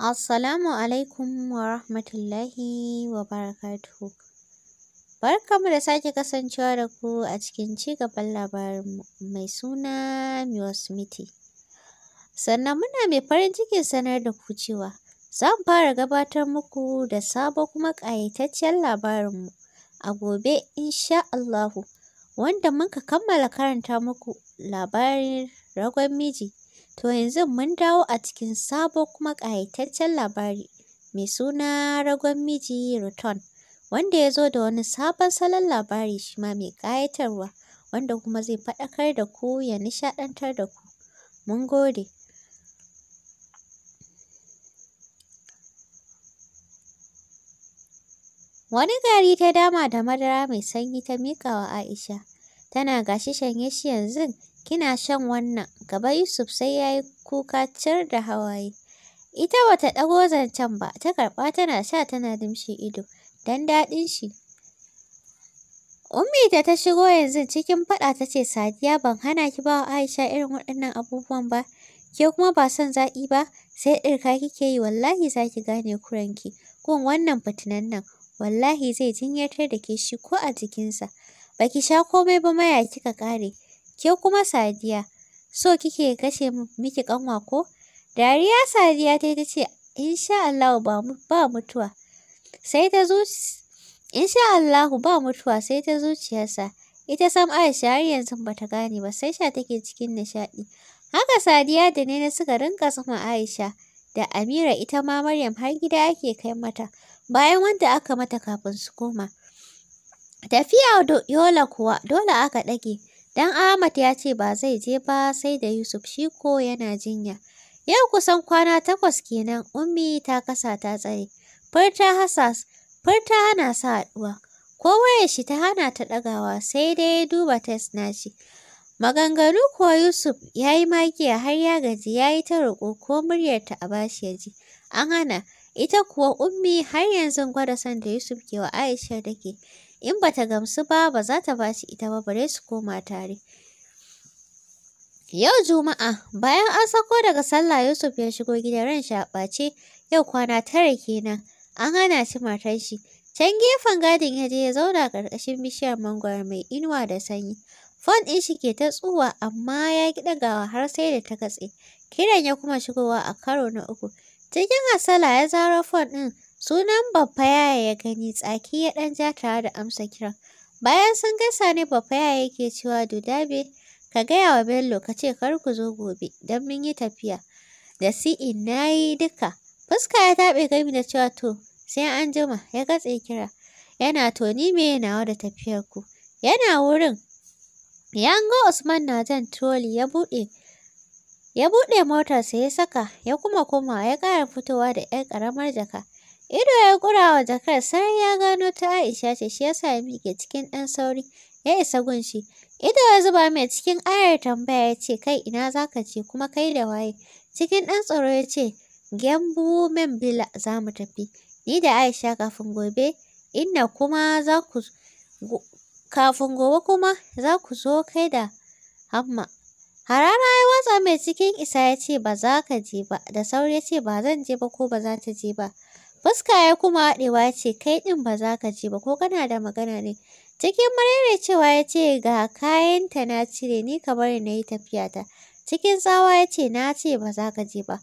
Assalamu alaikum wa rahmatullahi wa barakatuhu. mu da sake kasancewa da ku a cikin cigaban labarin mai suna Miwasmiti. Sannan muna mai farin cikin sanar da ku cewa zan fara gabatar muku da sabo kuma ƙayataccen labarinmu a gobe insha Allahu wanda muka kammala karanta muku labarin ragon miji To yanzu mun dawo a cikin sabon kuma ƙayataccen labari mai suna Ragon Miji Return wanda ya zo da wani sabon salon labari shi ma mai ƙayatarwa wanda kuma zai faɗakar da ku ya nishaɗantar da ku. Mun gode. Wani gari ta dama da madara mai sanyi ta miƙa Aisha, tana gashi shanye shi yanzu kina shan wannan, gaba Yusuf sai ya yi kuka cir da hawaye. Ita bata ɗago zancen ba, ta karɓa tana sha tana dimshi ido, don daɗin shi. Ummi da ta shigo yanzu cikin faɗa ta ce, Sadiya ban hana ki ba Aisha irin waɗannan abubuwan ba, ke kuma ba son zaƙi ba, sai ɗirka kike yi wallahi za ki gane kuranki, kun wannan fitinan nan, wallahi zai jinyatar da ke shi ko a jikinsa. Ba ki sha komai ba maya kika ƙare. Ke kuma Sadiya, so kike kashe miki kanwa, ko? Dariya Sadiya ta ta ce, Insha Allahu ba mutuwa. Sai ta Allah ba mutuwa sai ta zuciyarsa. Ita sam Aisha har yanzu ba ta gane ba, sai sha take cikin nishaɗi. Haka Sadiya da Nena suka rinka sama Aisha da Amira ita ma Maryam har gida ake kai mata, bayan wanda aka mata kafin su koma. Tafiya Yola kuwa dole aka ɗage, Dan Ahmad ya ce ba zai je ba sai da Yusuf shi ko yana jinya. Yau kusan kwana takwas kenan Ummi ta kasa ta tsare. Furta hasas, furta hana sa haɗuwa. Ko wayar shi ta hana ta ɗagawa sai dai ya duba test shi. Maganganu ko Yusuf ya yi makiya har ya gaji ya yi ta roƙo ko muryarta a bashi ya ji. An hana, ita kuwa Ummi har yanzu gwada son da Yusuf ke wa Aisha take. in bata gamsu ba ba za ta bashi ita ba bare su koma tare yau juma'a bayan an sako daga sallah yusuf ya shigo gidan ran shi a ɓace yau kwana tara kenan an hana shi matar shi can gefen gadin ya je ya zauna ƙarƙashin bishiyar mangwaro mai inuwa da sanyi Fon ɗin shi ke ta tsuwa amma ya ki ɗagawa har sai da ta katse. Kiran ya kuma shigowa a karo na uku. Cikin hasala ya zaro fon ɗin Sunan Baffa Yaya ya gani tsaki ya ɗan ja tare da amsa kiran. Bayan sun gaisa ne Baffa Yaya yake cewa Dudabe ka gaya wa Bello ka ce kar ku zo gobe don mun yi tafiya. Da si na yi duka. Fuska ya taɓe gami da cewa to sai an jima ya katse kira. Yana to ni me nawa da tafiyar ku. Yana wurin ya Usman na jan troli ya buɗe. Ya buɗe motarsa ya saka ya kuma koma ya ƙara fitowa da 'yar ƙaramar jaka. Ido ya kura wa jakar sai ya gano ta Aisha ce shi yasa ya miƙe cikin ɗan sauri ya isa gunshi. Ido ya zuba mai cikin ayar tambaya ya ce kai ina za ka ce kuma kai da waye. Cikin ɗan tsoro ya ce gembu men bila za mu tafi. Ni da Aisha kafin gobe inna kuma za ku kafin gobe kuma za ku zo kai da hamma. Harara ya watsa mai cikin isa ya ce ba za ka je ba da sauri ya ce ba zan je ba ko ba za ta je ba. Fuska ya kuma haɗewa ce kai ɗin ba za ka je ba ko kana da magana ne. Cikin cewa ya ce ga kayanta na cire ni ka bari na yi tafiyata. Cikin tsawa ya ce na ce ba za ka je ba.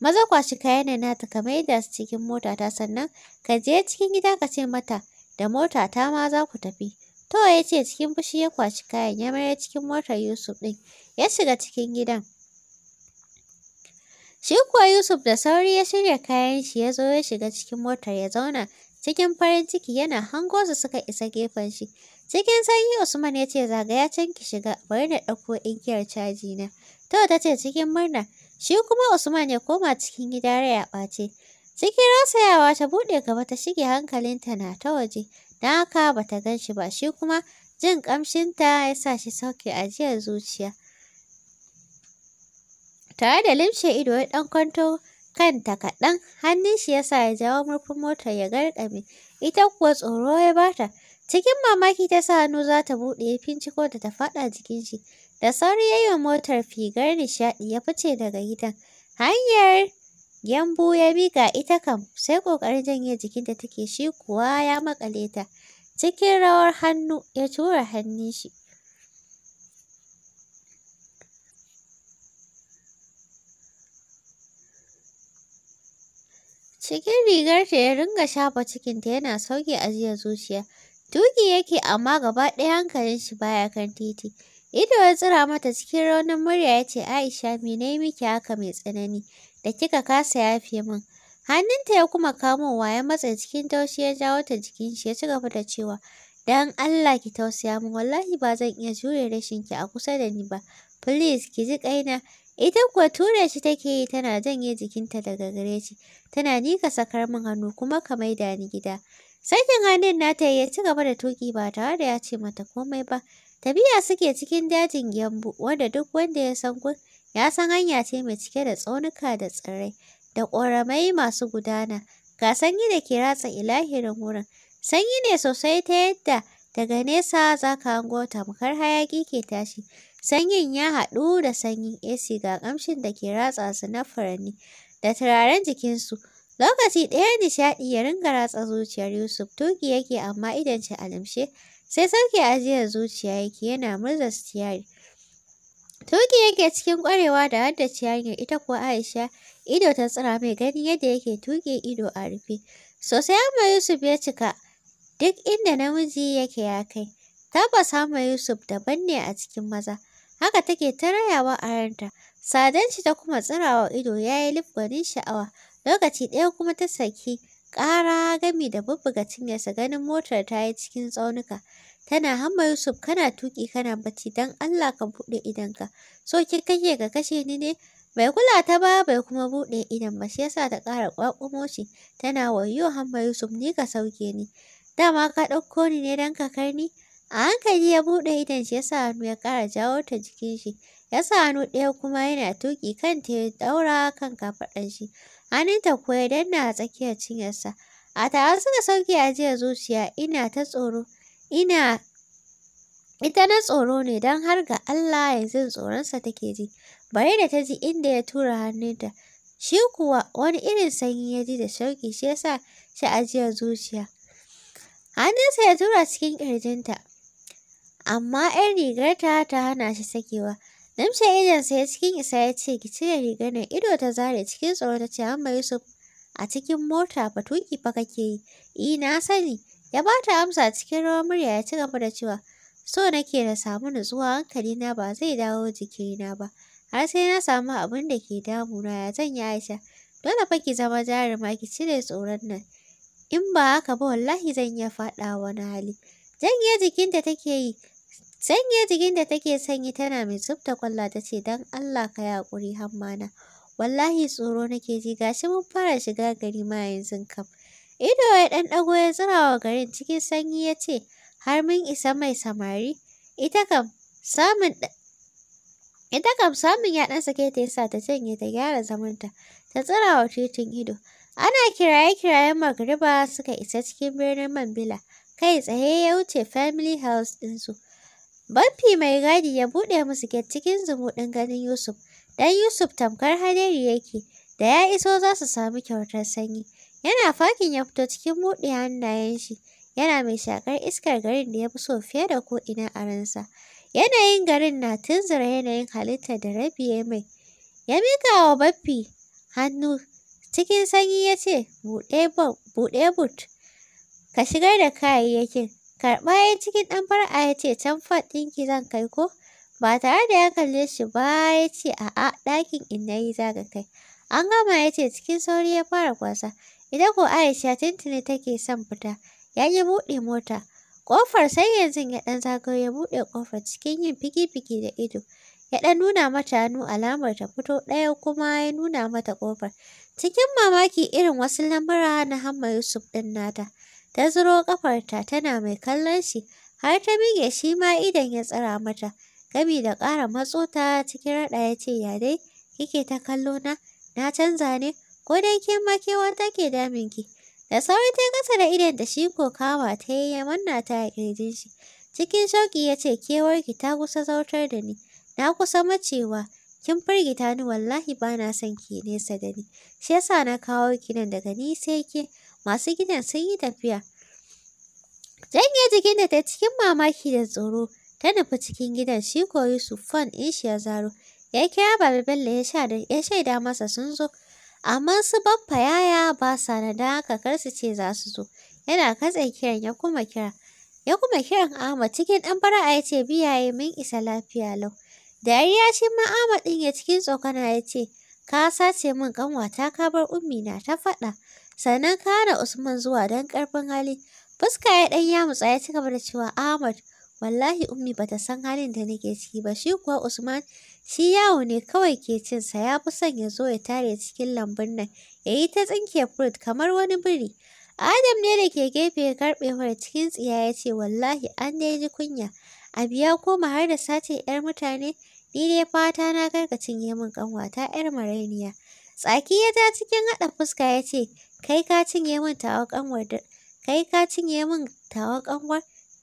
Maza kwashi kayan na nata ka maida su cikin motata sannan ka je cikin gida ka ce mata da motata ma za ku tafi. To ya ce cikin fushi ya kwashi kayan ya mayar cikin motar Yusuf ɗin ya shiga cikin gidan. Shi kuwa Yusuf da sauri ya shirya kayan shi ya zo ya shiga cikin motar ya zauna cikin farin ciki yana hango su suka isa gefen shi. Cikin sanyi Usman ya ce zagaya can ki shiga bari na ɗauko igiyar caji na. To ta ce cikin murna shi kuma Usman ya koma cikin gida rai a ɓace. Cikin rasayawa ta buɗe gaba ta shige hankalinta na ta waje. na haka bata ta gan shi ba shi kuma jin ƙamshinta ya sa shi sauke ajiyar zuciya. Tare da limshe ido ya ɗan kwanto kanta kaɗan, hannun shi ya sa ya jawo murfin mota ya garɗame. ita kuwa tsoro ya bata. Cikin mamaki ta sa hannu za ta buɗe ya finciko da ta faɗa jikin shi. Da sauri ya yi motar figar nishaɗi ya fice daga gidan. Hanyar gyambu ya miƙa ita kam sai ƙoƙarin janye jikin da take shi kuwa ya maƙale ta. Cikin rawar hannu ya tura hannun shi. Cikin rigarta ya ringa shafa cikinta yana sauke ajiya zuciya. tuki yake amma gaba ɗaya hankalin shi baya kan titi. Ido ya tsira mata cikin raunin murya ya ce Aisha me na miki haka mai tsanani da kika kasa yafe min. Hannunta ya kuma kamowa ya matsa cikin taushi ya jawo ta jikin shi ya ci gaba da cewa dan Allah ki tausaya min wallahi ba zan iya jure rashin ki a kusa da ni ba. Please ki ji kaina Ita kuwa tura shi take yi tana janye jikinta daga gare shi, tana ni ka sakar min hannu kuma ka maida ni gida. Sarkin hannun nata ya ci gaba da tuki ba tare da ya ce mata komai ba. Tafiya suke cikin dajin Gyambu wanda duk wanda ya san gun ya san hanya ce mai cike da tsaunuka da tsirrai da ƙoramai masu gudana. Ga sanyi da ke ratsa ilahirin wurin. Sanyi ne sosai ta yadda daga nesa za ka hango tamkar hayaƙi ke tashi. Sanyin ya haɗu da sanyin AC ga ƙamshin da ke ratsa su na furanni da turaren jikinsu. Lokaci ɗaya nishaɗi ya ringa ratsa zuciyar Yusuf tuki yake amma idanci a limshe sai sauke ajiyar zuciya yake yana murza ciyari Tuki yake cikin ƙwarewa da hadda hanyar ita ko Aisha ido ta tsira mai gani yadda yake tuke ido a rufe. Sosai Amma Yusuf ya cika duk inda namiji yake ya kai. Tabbas Amma Yusuf daban ne a cikin maza. Haka take ta rayawa a ranta. Sadanci ta kuma tsirawa ido ya yi gwanin sha'awa. Lokaci ɗaya kuma ta saki ƙara gami da bubbuga cinyarsa ganin motar ta yi cikin tsaunuka. Tana hamma Yusuf kana tuƙi kana bacci don Allah ka buɗe idanka! So ki kake ka kashe ni ne? Bai kula ta ba bai kuma buɗe idan ba shi yasa ta ƙara ƙwaƙumo shi. Tana wayo hamma Yusuf ni ka sauke ni. Dama ka ɗauko ni ne don ka kai ni? A hankali ya buɗe idon shi yasa sa hannu ya ƙara jawo ta jikin shi. yasa sa hannu ɗaya kuma yana tuƙi kanta ya ɗaura kan kafaɗan shi. Hannunta kuwa ya danna a tsakiyar cinyarsa. A taron suka sauke ajiyar zuciya ina ta tsoro. Ina ita na tsoro ne don har ga Allah yanzu tsoronsa take ji. Bare da ta ji inda ya tura hannunta. Shi kuwa wani irin sanyi ya ji da shauƙi shi ya sa shi ajiyar zuciya. Hannunsa ya tura cikin ƙirjinta. amma 'yan rigar ta hana shi sakewa. Namshe idonsa ya cikin isa ya ce, ki cire rigar nan ido ta zare cikin tsoro ta ce, amma Yusuf a cikin mota fa tuki fa kake yi, i na sani. Ya ba ta amsa cikin rawar murya ya ci gaba da cewa, so nake na samu nutsuwa hankali na ba zai dawo jikina ba, har sai na samu abin da ke damuna ya zan yi Aisha. Dole fa ki zama jaruma ki cire tsoron nan. In ba haka ba wallahi zan iya faɗa wani hali. Janye jikinta take yi, Sanya jikin da take sanyi tana mai zubta kwalla ta ce don Allah ka yaƙuri haƙuri hammana. Wallahi tsoro nake ji gashi mun fara shiga gari ma yanzu kam. Ido ya ɗan ɗago ya tsira wa garin cikin sanyi ya ce har mun isa mai samari. Ita kam samun Ita kam samun ya ɗan sake ta yasa ta janye ta gyara zamanta ta tsira wa titin ido. Ana kiraye-kirayen magariba suka isa cikin birnin Mambila. Kai tsaye ya wuce family house ɗinsu. su. Baffi mai gadi ya buɗe musu get cikin zumuɗin ganin Yusuf, dan Yusuf tamkar hadari yake, da ya iso za su samu kyautar sanyi. Yana fakin ya fito cikin buɗe hannayen shi, yana mai shakar iskar garin da ya fi so fiye da ko'ina a ransa. Yanayin garin na tunzura yanayin halitta da rabi ya mai. Ya miƙa wa Baffi hannu cikin sanyi ya ce, buɗe but, ka shigar da kayayyakin. Karɓa ya cikin ɗan fara'a ya ce can faɗinki zan kai ko? Ba tare da ya kalle shi ba ya ce a'a ɗakin inna yi za ka kai. An gama ya ce cikin sauri ya fara kwasa. idan ko Aisha tintini take son fita. Ya yi buɗe mota. Ƙofar sai yanzu ya ɗan zagayo ya buɗe ƙofar cikin yin fiki-fiki da ido. Ya ɗan nuna mata hannu alamar ta fito ɗaya kuma ya nuna mata ƙofar. Cikin mamaki irin wasu lamura na Hamma Yusuf ɗin nata. ta zuro ƙafarta tana mai kallon shi har ta bige shi ma idan ya tsara mata gami da ƙara matso ta cikin raɗa ya ce ya dai kike ta kallo na na canza ne ko dai ke ma kewa take daminki da sauri ta kasa da idan da shi ko kama ta yi ya manna ta a ƙirjin shi cikin shauƙi ya ce kewar ki ta kusa zautar da ni na kusa macewa kin firgita ni wallahi ba na son ki nesa da ni shi yasa na kawo ki nan daga ni sai ke masu gidan sun yi tafiya. Janye jikin da ta cikin mamaki da tsoro ta nufi cikin gidan shi ko Yusuf fan ɗin shi ya zaro. Ya kira Baba Bello ya sha shaida masa sun zo. Amma su baffa yaya ba sa na da haka kar su ce za su zo. Yana katse kiran ya kuma kira. Ya kuma kiran Ahmad cikin ɗan fara'a ya ce biyaye mun isa lafiya lau. Da yar shi ma Ahmad ɗin ya cikin tsokana ya ce ka sace min ƙanwata ka bar ummi na ta faɗa. sannan ka hana Usman zuwa dan karfin hali. Fuska ya ɗan yamutsa ya ci gaba da cewa Ahmad wallahi ummi bata san halin da nake ciki ba shi kuwa Usman shi yawo ne kawai ke cinsa ya fi son ya zo ya tare cikin lambun nan ya yi ta tsinke fruit kamar wani biri. Adam ne da ke gefe ya karɓe mara cikin tsiya ya ce wallahi an dai ji kunya. A biya, koma har da sace 'yar mutane ni dai fata na karka cinye min ƙanwata 'yar marainiya. Tsaki ya ta cikin haɗa fuska ya ce kai ka cinye min tawa da kai ka cinye min tawa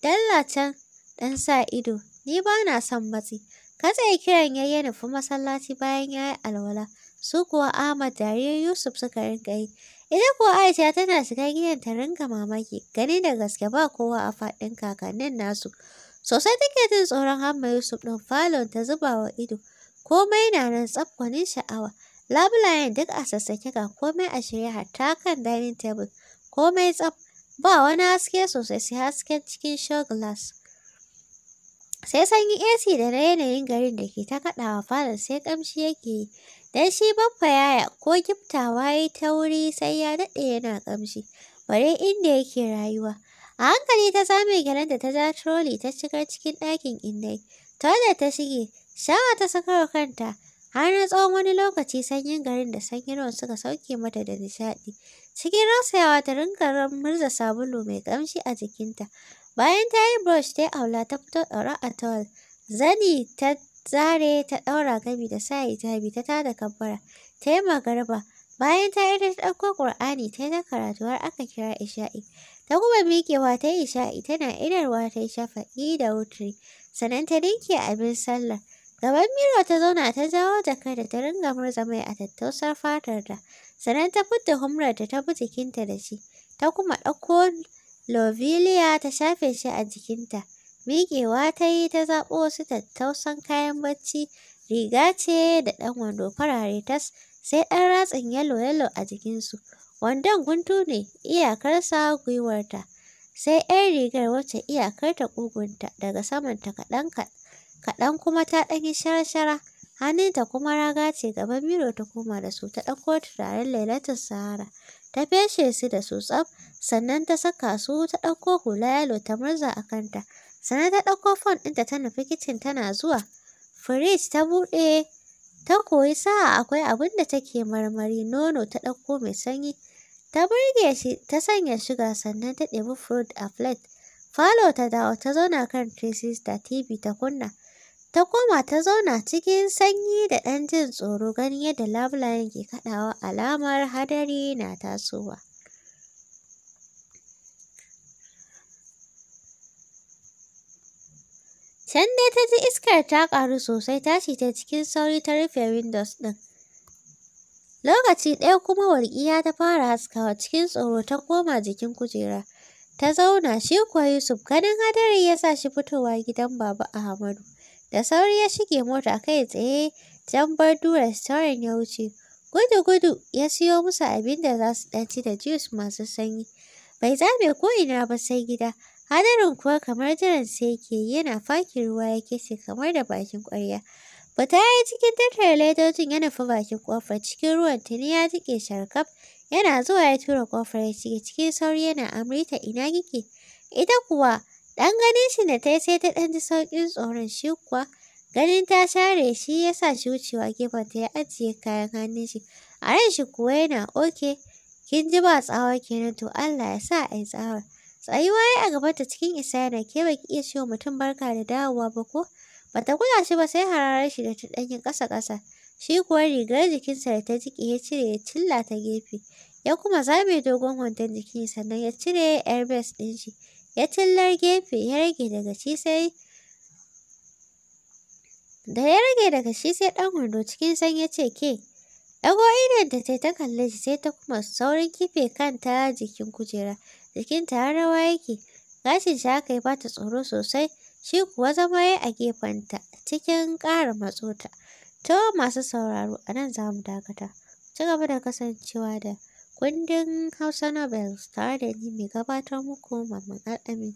dalla can dan sa ido ni ba na son matsi Ka tsaye kiran yayi nufi masallaci bayan ya yi alwala su kuwa Ahmad dariyar Yusuf suka rinka yi. Ita kuwa Aisha tana shiga gidan ta rinka mamaki, gani da gaske ba kowa a faɗin kakannin nasu. Sosai take jin tsoron hamma Yusuf ɗin falon ta zuba wa ido, komai na nan tsaf sha'awa. Labulaye, duk a sassake ga komai a shirya hatta kan dining table, komai tsaf. Ba wani haske sosai sai hasken cikin show glass. Sai sanyi AC da na yanayin garin da ke ta kaɗawa falon sai kamshi yake yi. Dan shi baffa yaya ko giftawa yi ta wuri sai ya daɗe yana ƙamshi. Bare inda yake rayuwa. A hankali ta same gyaran da ta ja trolley ta shigar cikin ɗakin indai. Toilet ta shige, shawa ta sakawa kanta. Har na tsawon wani lokaci sanyin garin da sanyin ruwan suka sauke mata da nishaɗi. Cikin rasayawa ta rinkarar murza sabulu mai ƙamshi a jikinta. Bayan ta yi brush ta yi aula ta fito ɗaura a towel. Zani ta zare ta ɗaura gami da sa hijabi ta tada kabbara. Ta yi magarba. Bayan ta yi ta ɗauko Ƙur'ani ta yi ta karatu har aka kira Isha'i. Ta kuma miƙewa ta yi Isha'i tana idarwa ta yi shafa'i da wuturi. Sannan ta dinke abin sallah. Gaban Miro ta zauna ta jawo jaka da ta ringa murza mai a tattausar fatarta. Sannan ta fidda humrar da ta bi jikinta da shi. Ta kuma ɗauko loviliya ta shafe shi a jikinta. Miƙewa ta yi ta zaɓo wasu tattausan kayan bacci. Riga ce da ɗan wando farare tas sai ɗan ratsin yalo-yalo a jikinsu. Wandon guntu ne iyakarsa gwiwarta. Sai 'yan rigar wacce iyakarta ƙugunta daga samanta kaɗan-kaɗan. kaɗan kuma ta ɗanyi shara-shara, ta kuma raga ce gaban miro ta koma da su ta ɗauko turaren lailatar sahara. Ta feshe su da su tsaf, sannan ta saka su ta ɗauko hula yalo ta murza a kanta. Sannan ta ɗauko fon ɗinta ta nufi kicin tana zuwa. Firij ta buɗe, ta koyi sa'a akwai abin da take marmari nono ta ɗauko mai sanyi. Ta burge shi ta sanya shuga sannan ta ɗebi fruit a plate. Falo ta dawo ta zauna kan Three da TV ta kunna. Ta koma ta zauna cikin sanyi da ɗan jin tsoro ganin yadda labulayen ke kaɗawa alamar hadari na tasowa. Can dai ta ji iskar ta ƙaru sosai tashi ta cikin sauri ta rufe windows ɗin. Lokaci ɗaya kuma walƙiya ta fara haskawa cikin tsoro ta koma jikin kujera. Ta zauna shi kuwa Yusuf ganin hadari ya sa shi fitowa gidan Baba Ahmadu. Da sauri ya shige mota kai tsaye can Bardu restaurant ya wuce. Gudu-gudu ya siyo musu abin da za su ci da juice masu sanyi. Bai zabe ko ina ba sai gida. Hadarin kuwa kamar jiran sai yake yana fakin ruwa ya kese kamar da bakin ƙwarya. Bata yi cikin tattara ledojin ya nufi bakin kofar cikin ruwan tuni ya jike sharkaf. Yana zuwa ya tura kofar ya cike cikin sauri yana amrita ina kike. Ita kuwa Ɗan ganin shi da ta yi sai ta ɗan ji sauƙin tsoron shi kuwa. Ganin ta share shi ya sa shi wucewa gefen ta ya ajiye kayan hannun shi. A ran shi kuwa yana oke. Kin ji ba tsawa kenan to Allah ya sa a yi tsawar. Tsayuwa ya a ta cikin isa yana ke baki iya cewa mutum barka da dawowa ba ko? Ba ta kula shi ba sai hararar shi da ta ɗanyi ƙasa-ƙasa. Shi kuwa rigar jikinsa da ta jiƙe ya cire ya cilla ta gefe. Ya kuma zame dogon wandon jikin sannan ya cire airbase ɗin shi. ya gefe ya rage daga shi sai da ya rage daga shi sai ɗan wando cikin san ya ce ke ɗago idon da ta ta kalle shi sai ta kuma saurin kife kanta jikin kujera jikinta har rawa yake gashin shi haka ya bata tsoro sosai shi kuwa zama ya a gefenta cikin ƙara matsota to masu sauraro a nan za mu dakata ci gaba da kasancewa da Kundin Hausa Nobel tare da ni mai gabatar muku mamman Al'amin.